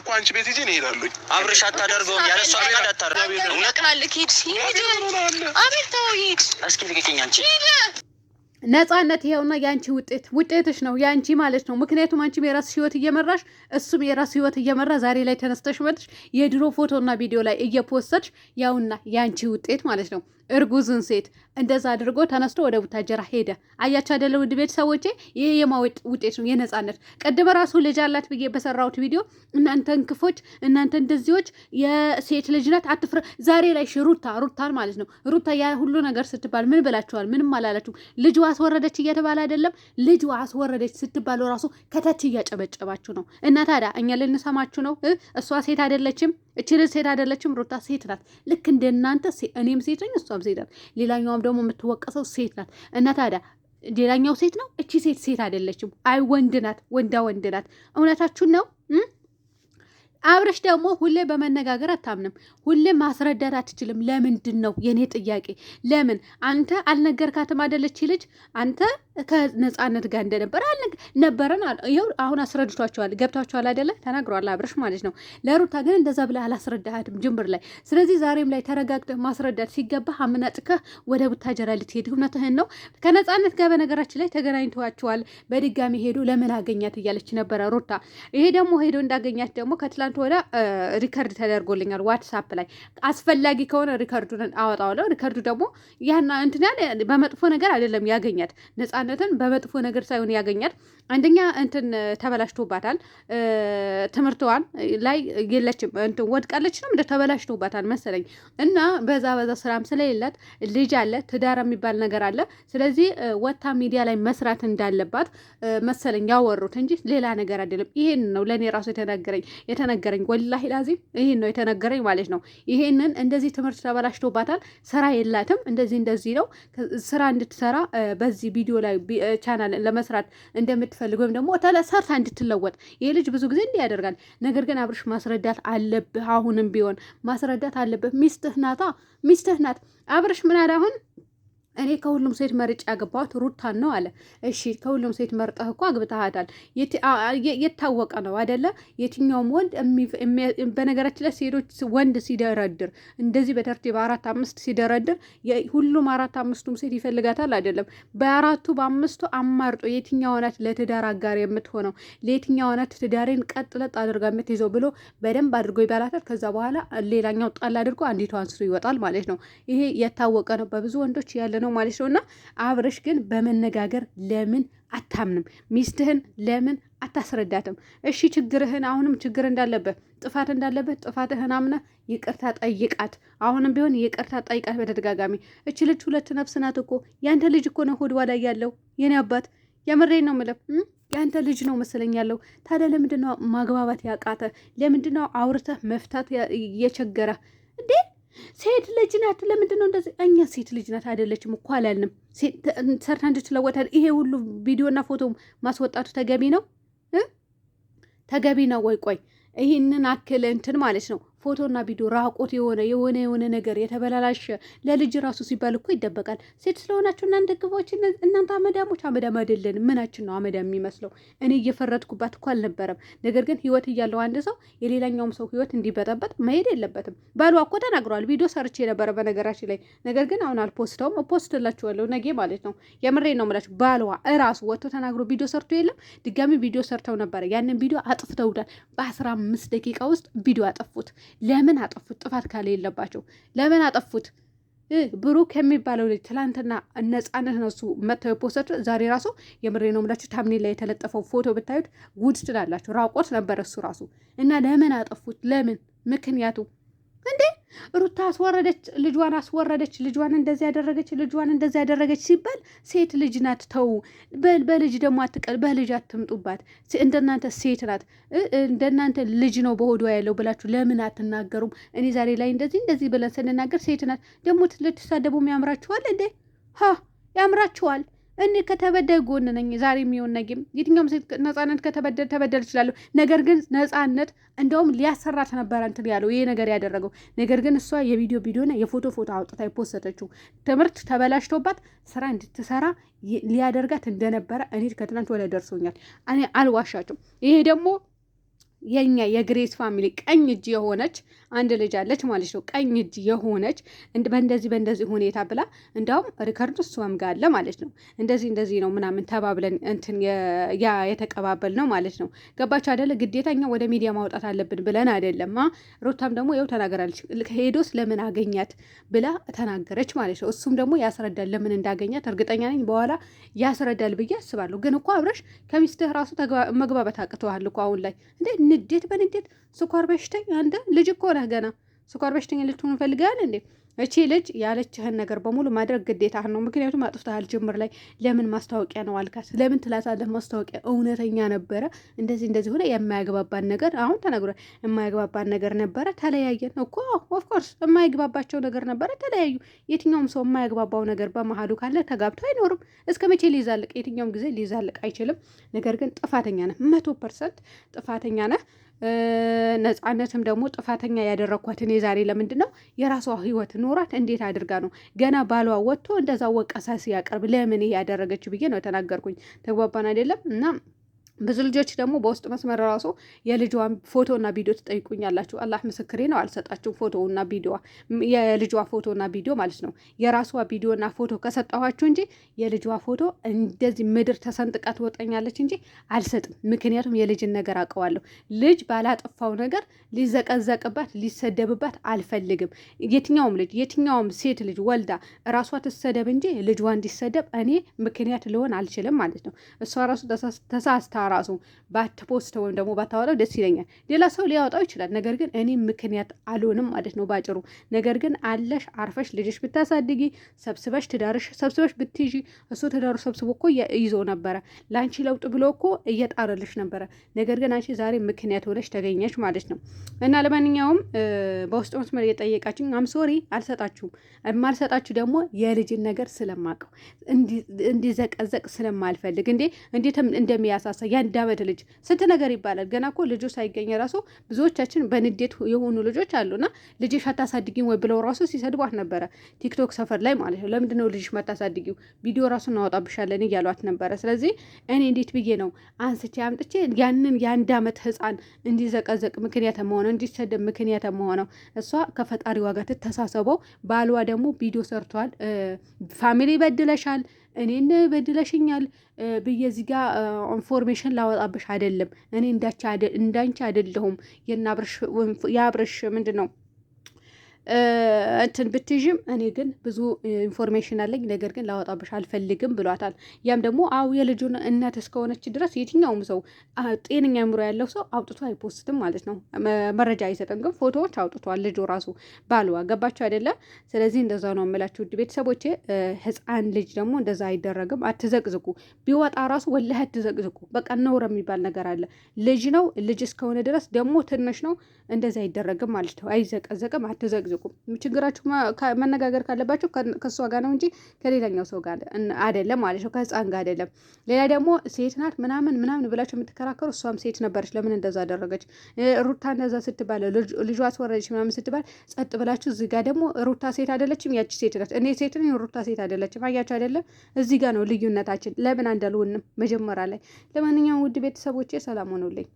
እኮ አንቺ ቤት ሂጂ፣ እኔ እሄዳለሁኝ። አብርሽ አታደርገውም፣ ያለ እሷ ፈቃድ አታደርገውም። ነጻነት ይኸውና፣ የአንቺ ውጤት ውጤትሽ ነው የአንቺ ማለት ነው። ምክንያቱም አንቺም የራስሽ ህይወት እየመራሽ እሱም የራሱ ህይወት እየመራ ዛሬ ላይ ተነስተሽ መጥሽ የድሮ ፎቶና ቪዲዮ ላይ እየፖሰድሽ ያውና የአንቺ ውጤት ማለት ነው። እርጉዝን ሴት እንደዛ አድርጎ ተነስቶ ወደ ቡታጀራ ሄደ። አያቸው አይደለ? ውድ ቤተሰቦቼ ይሄ የማወጥ ውጤት ነው፣ የነጻነት ቅድመ ራሱ ልጅ አላት ብዬ በሰራሁት ቪዲዮ እናንተን ክፎች፣ እናንተ እንደዚዎች የሴት ልጅ ናት አትፍረ ዛሬ ላይ ሩታ ሩታን ማለት ነው። ሩታ ያ ሁሉ ነገር ስትባል ምን ብላችኋል? ምንም አላላችሁ። ልጅ አስወረደች እየተባለ አይደለም ልጅ አስወረደች ስትባሉ ራሱ ከታች እያጨበጨባችሁ ነው። እና ታዲያ እኛ ልንሰማችሁ ነው? እሷ ሴት አይደለችም እችል ሴት አይደለችም። ሩታ ሴት ናት፣ ልክ እንደ እናንተ። እኔም ሴት ነኝ፣ እሷም ሴት ናት። ሌላኛውም ደግሞ የምትወቀሰው ሴት ናት እና ታዲያ ሌላኛው ሴት ነው፣ እቺ ሴት ሴት አይደለችም። አይ ወንድ ናት፣ ወንዳ ወንድ ናት። እውነታችሁን ነው። አብረሽ ደግሞ ሁሌ በመነጋገር አታምንም፣ ሁሌ ማስረዳት አትችልም። ለምንድን ነው የእኔ ጥያቄ? ለምን አንተ አልነገርካትም? አይደለች ልጅ አንተ ከነፃነት ጋር እንደነበረ ነበረን ይኸው አሁን አስረድቷቸዋል። ገብቷቸዋል አይደለ? ተናግሯል አብረሽ ማለት ነው። ለሩታ ግን እንደዛ ብለህ አላስረዳሃትም ጅምር ላይ። ስለዚህ ዛሬም ላይ ተረጋግተህ ማስረዳት ሲገባህ አምናጥከህ ወደ ቡታጀራ ልትሄድ እውነትህን ነው። ከነፃነት ጋር በነገራችን ላይ ተገናኝተዋቸዋል። በድጋሚ ሄዶ ለምን አገኛት እያለች ነበረ ሩታ። ይሄ ደግሞ ሄዶ እንዳገኛት ደግሞ ከትላንት ወደ ሪከርድ ተደርጎልኛል ዋትሳፕ ላይ። አስፈላጊ ከሆነ ሪከርዱን አወጣዋለሁ። ሪከርዱ ደግሞ ያና እንትን ያለ በመጥፎ ነገር አይደለም ያገኛት ነፃ ነፃነትን በመጥፎ ነገር ሳይሆን ያገኛል። አንደኛ እንትን ተበላሽቶባታል፣ ትምህርቷን ላይ የለችም እንትን ወድቃለች ነው እንደ ተበላሽቶባታል መሰለኝ እና በዛ በዛ ስራም ስለሌላት ልጅ አለ ትዳር የሚባል ነገር አለ። ስለዚህ ወታ ሚዲያ ላይ መስራት እንዳለባት መሰለኝ ያወሩት እንጂ ሌላ ነገር አይደለም። ይሄን ነው ለእኔ ራሱ የተነገረኝ የተነገረኝ ወላሂ ላዚም ይሄን ነው የተነገረኝ ማለት ነው። ይሄንን እንደዚህ ትምህርት ተበላሽቶባታል፣ ስራ የላትም፣ እንደዚህ እንደዚህ ነው ስራ እንድትሰራ በዚህ ቪዲዮ ላይ ቻናል ለመስራት እንደምትፈልግ ወይም ደግሞ ሰርታ እንድትለወጥ ይህ ልጅ ብዙ ጊዜ እንዲህ ያደርጋል። ነገር ግን አብርሽ ማስረዳት አለብህ። አሁንም ቢሆን ማስረዳት አለብህ። ሚስትህ ናታ፣ ሚስትህ ናት። አብርሽ ምን አለ አሁን እኔ ከሁሉም ሴት መርጬ ያገባኋት ሩታን ነው አለ። እሺ ከሁሉም ሴት መርጠህ እኮ አግብተሃታል። የታወቀ ነው አደለ? የትኛውም ወንድ በነገራችን ላይ ሴቶች ወንድ ሲደረድር እንደዚህ በተርቲብ አራት አምስት ሲደረድር ሁሉም አራት አምስቱም ሴት ይፈልጋታል አይደለም። በአራቱ በአምስቱ አማርጦ የትኛዋ ናት ለትዳር አጋር የምትሆነው ለየትኛዋ ናት ትዳሬን ቀጥ ለጥ አድርጋ የምትይዘው ብሎ በደንብ አድርጎ ይበላታል። ከዛ በኋላ ሌላኛው ጣል አድርጎ አንዲቷ አንስቶ ይወጣል ማለት ነው። ይሄ የታወቀ ነው፣ በብዙ ወንዶች ያለ ነው። ነው ማለት ነው። እና አብረሽ ግን በመነጋገር ለምን አታምንም? ሚስትህን ለምን አታስረዳትም? እሺ ችግርህን አሁንም ችግር እንዳለበት ጥፋት እንዳለበት ጥፋትህን አምነህ ይቅርታ ጠይቃት። አሁንም ቢሆን ይቅርታ ጠይቃት በተደጋጋሚ። እች ልጅ ሁለት ነፍስ ናት እኮ ያንተ ልጅ እኮ ነው ሆድዋ ላይ ያለው የኔ አባት፣ የምሬን ነው የምለው የአንተ ልጅ ነው መሰለኝ ያለው። ታዲያ ለምንድነው ማግባባት ያቃተ? ለምንድነው አውርተህ መፍታት የቸገረ እንዴ? ሴት ልጅ ናት። ለምንድን ነው እንደዚህ? እኛ ሴት ልጅ ናት አይደለችም እኮ አላልንም። ሰርታ እንድትለወጥ ይሄ ሁሉ ቪዲዮና ፎቶ ማስወጣቱ ተገቢ ነው ተገቢ ነው ወይ? ቆይ ይህንን አክል እንትን ማለት ነው ፎቶና ቪዲዮ ራቆት የሆነ የሆነ የሆነ ነገር የተበላላሸ ለልጅ ራሱ ሲባል እኮ ይደበቃል። ሴት ስለሆናችሁ እናንተ ግቦች እናንተ አመዳሞች አመዳም አይደለን። ምናችን ነው አመዳም የሚመስለው? እኔ እየፈረድኩባት እኮ አልነበረም። ነገር ግን ህይወት እያለው አንድ ሰው የሌላኛውም ሰው ህይወት እንዲበጠበጥ መሄድ የለበትም። ባሏ እኮ ተናግረዋል። ቪዲዮ ሰርች የነበረ በነገራችን ላይ ነገር ግን አሁን አልፖስተውም። ፖስትላችኋለሁ ነጌ ማለት ነው። የምሬ ነው የምላችሁ። ባሏ እራሱ ወጥቶ ተናግሮ ቪዲዮ ሰርቶ የለም ድጋሚ ቪዲዮ ሰርተው ነበረ። ያንን ቪዲዮ አጥፍተውታል። በአስራ አምስት ደቂቃ ውስጥ ቪዲዮ አጠፉት። ለምን አጠፉት? ጥፋት ካለ የለባቸው ለምን አጠፉት? ብሩክ የሚባለው ልጅ ትላንትና ነፃነት ነሱ መጥተው የፖስተር ዛሬ ራሱ የምሬ ነው ምላችሁ ታምኔ ላይ የተለጠፈው ፎቶ ብታዩት ጉድ ትላላችሁ። ራቆት ነበረ እሱ ራሱ እና ለምን አጠፉት? ለምን ምክንያቱ እንዴ ሩታ አስወረደች፣ ልጇን አስወረደች፣ ልጇን እንደዚ ያደረገች፣ ልጇን እንደዚ ያደረገች ሲባል ሴት ልጅ ናት። ተው በልጅ ደግሞ አትቀል፣ በልጅ አትምጡባት። እንደናንተ ሴት ናት፣ እንደናንተ ልጅ ነው በሆዷ ያለው ብላችሁ ለምን አትናገሩም? እኔ ዛሬ ላይ እንደዚህ እንደዚህ ብለን ስንናገር ሴት ናት ደግሞ ልትሳደቡም ያምራችኋል እንዴ? ሀ ያምራችኋል። እኔ ከተበደል ጎን ነኝ። ዛሬ የሚሆን ነገም የትኛውም ሴት ነፃነት ከተበደል ተበደል እችላለሁ። ነገር ግን ነፃነት እንደውም ሊያሰራት ነበረ እንትን ያለው ይሄ ነገር ያደረገው ነገር ግን እሷ የቪዲዮ ቪዲዮና የፎቶ ፎቶ አውጥታ የፖሰተችው ትምህርት ተበላሽቶባት ስራ እንድትሰራ ሊያደርጋት እንደነበረ እኔ ከትናንት ወደ ደርሶኛል። እኔ አልዋሻችሁም። ይሄ ደግሞ የኛ የግሬስ ፋሚሊ ቀኝ እጅ የሆነች አንድ ልጅ አለች ማለት ነው። ቀኝ እጅ የሆነች በእንደዚህ በእንደዚህ ሁኔታ ብላ እንዲያውም ሪከርዱ እሷም ጋር አለ ማለት ነው። እንደዚህ እንደዚህ ነው ምናምን ተባብለን እንትን ያ የተቀባበል ነው ማለት ነው። ገባች አደለ? ግዴታ እኛ ወደ ሚዲያ ማውጣት አለብን ብለን አይደለም። ሩታም ደግሞ ይኸው ተናገራለች። ሄዶስ ለምን አገኛት ብላ ተናገረች ማለት ነው። እሱም ደግሞ ያስረዳል ለምን እንዳገኛት እርግጠኛ ነኝ በኋላ ያስረዳል ብዬ አስባለሁ። ግን እኮ አብረሽ ከሚስትህ ራሱ መግባባት አቅተዋል እኮ አሁን ላይ እንዴ ንዴት በንዴት ስኳር በሽተኛ አንተ ልጅ እኮ ነህ ገና ስኳር በሽተኛ ልትሆን ፈልጋል እንዴ እቺ ልጅ ያለችህን ነገር በሙሉ ማድረግ ግዴታ ነው። ምክንያቱም አጥፍተሃል። ጅምር ላይ ለምን ማስታወቂያ ነው አልካት? ለምን ትላታለህ? ማስታወቂያ እውነተኛ ነበረ፣ እንደዚህ እንደዚህ ሆነ፣ የማያግባባን ነገር አሁን ተነግሯል። የማያግባባን ነገር ነበረ፣ ተለያየን እኮ ኦፍኮርስ፣ የማያግባባቸው ነገር ነበረ፣ ተለያዩ። የትኛውም ሰው የማያግባባው ነገር በመሀሉ ካለ ተጋብቶ አይኖርም። እስከ መቼ ሊዛልቅ? የትኛውም ጊዜ ሊዛልቅ አይችልም። ነገር ግን ጥፋተኛ ነህ፣ መቶ ፐርሰንት ጥፋተኛ ነህ። ነፃነትም ደግሞ ጥፋተኛ ያደረግኳት እኔ ዛሬ ለምንድን ነው የራሷ ህይወት ኖራት እንዴት አድርጋ ነው ገና ባሏ ወጥቶ እንደዛ ወቀሳ ሲያቀርብ ለምን ያደረገችው ብዬ ነው ተናገርኩኝ ተግባባን አይደለም እና ብዙ ልጆች ደግሞ በውስጥ መስመር ራሱ የልጇን ፎቶና ቪዲዮ ትጠይቁኛላችሁ። አላህ ምስክሬ ነው፣ አልሰጣችሁም። ፎቶና ቪዲዮ የልጇ ፎቶና ቪዲዮ ማለት ነው። የራሷ ቪዲዮና ፎቶ ከሰጠኋችሁ እንጂ የልጇ ፎቶ እንደዚህ ምድር ተሰንጥቃ ትወጠኛለች እንጂ አልሰጥም። ምክንያቱም የልጅን ነገር አውቀዋለሁ። ልጅ ባላጠፋው ነገር ሊዘቀዘቅባት፣ ሊሰደብባት አልፈልግም። የትኛውም ልጅ የትኛውም ሴት ልጅ ወልዳ ራሷ ትሰደብ እንጂ ልጇ እንዲሰደብ እኔ ምክንያት ልሆን አልችልም ማለት ነው። እሷ ራሱ ተሳስታ ራሱ ባትፖስት ወይም ደግሞ ባታወጣው ደስ ይለኛል። ሌላ ሰው ሊያወጣው ይችላል። ነገር ግን እኔ ምክንያት አልሆንም ማለት ነው ባጭሩ። ነገር ግን አለሽ አርፈሽ ልጅሽ ብታሳድጊ ሰብስበሽ ትዳርሽ ሰብስበሽ ብትይዥ እሱ ትዳሩ ሰብስቦ እኮ ይዞ ነበረ ለአንቺ ለውጥ ብሎ እኮ እየጣረልሽ ነበረ። ነገር ግን አንቺ ዛሬ ምክንያት ሆነሽ ተገኘሽ ማለት ነው። እና ለማንኛውም በውስጥ መስመር እየጠየቃችን አም ሶሪ አልሰጣችሁም። የማልሰጣችሁ ደግሞ የልጅን ነገር ስለማቀው እንዲዘቀዘቅ ስለማልፈልግ እንዴ እንዴትም እንደሚያሳሳ የአንድ ዓመት ልጅ ስንት ነገር ይባላል። ገና እኮ ልጆ ሳይገኝ ራሱ ብዙዎቻችን በንዴት የሆኑ ልጆች አሉና ልጅሽ አታሳድጊም ወይ ብለው ራሱ ሲሰድቧት ነበረ፣ ቲክቶክ ሰፈር ላይ ማለት ነው። ለምንድን ነው ልጅሽ ማታሳድጊው? ቪዲዮ ራሱ እናወጣብሻለን እያሏት ነበረ። ስለዚህ እኔ እንዴት ብዬ ነው አንስቼ አምጥቼ ያንን የአንድ ዓመት ህፃን እንዲዘቀዘቅ ምክንያት መሆነው እንዲሰደብ ምክንያት መሆነው እሷ ከፈጣሪ ዋጋ ትተሳሰበው። ባሏ ደግሞ ቪዲዮ ሰርቷል። ፋሚሊ ይበድለሻል እኔን በድለሽኛል ብዬ እዚህ ጋር ኢንፎርሜሽን ላወጣብሽ አይደለም። እኔ እንዳንቺ አይደለሁም። የአብርሽ ምንድን ነው እንትን ብትዥም እኔ ግን ብዙ ኢንፎርሜሽን አለኝ፣ ነገር ግን ላወጣብሽ አልፈልግም ብሏታል። ያም ደግሞ አው የልጁ እናት እስከሆነች ድረስ የትኛውም ሰው ጤነኛ አእምሮ ያለው ሰው አውጥቶ አይፖስትም ማለት ነው። መረጃ አይሰጥም፣ ግን ፎቶዎች አውጥቷል ልጁ ራሱ ባልዋ። ገባቸው አይደለም። ስለዚህ እንደዛ ነው የምላችሁ ውድ ቤተሰቦቼ። ህፃን ልጅ ደግሞ እንደዛ አይደረግም። አትዘቅዝቁ፣ ቢወጣ ራሱ ወላህ አትዘቅዝቁ። በቃ ነውር የሚባል ነገር አለ። ልጅ ነው ልጅ እስከሆነ ድረስ ደግሞ ትንሽ ነው። እንደዛ አይደረግም ማለት ነው። አይዘቀዘቅም፣ አትዘቅዝቁ አትጠይቁም። ችግራችሁ መነጋገር ካለባችሁ ከእሷ ጋር ነው እንጂ ከሌላኛው ሰው ጋር አይደለም ማለት ነው፣ ከህፃን ጋር አይደለም። ሌላ ደግሞ ሴት ናት ምናምን ምናምን ብላችሁ የምትከራከሩ እሷም ሴት ነበረች፣ ለምን እንደዛ አደረገች? ሩታ እንደዛ ስትባለ ልጇ አስወረደች ምናምን ስትባል ጸጥ ብላችሁ። እዚህ ጋር ደግሞ ሩታ ሴት አይደለችም፣ ያቺ ሴት ናት። እኔ ሴት ነኝ፣ ሩታ ሴት አይደለችም። አያችሁ አይደለም? እዚህ ጋር ነው ልዩነታችን። ለምን አንደልውንም መጀመሪያ ላይ? ለማንኛውም ውድ ቤተሰቦቼ ሰላም ሆኖልኝ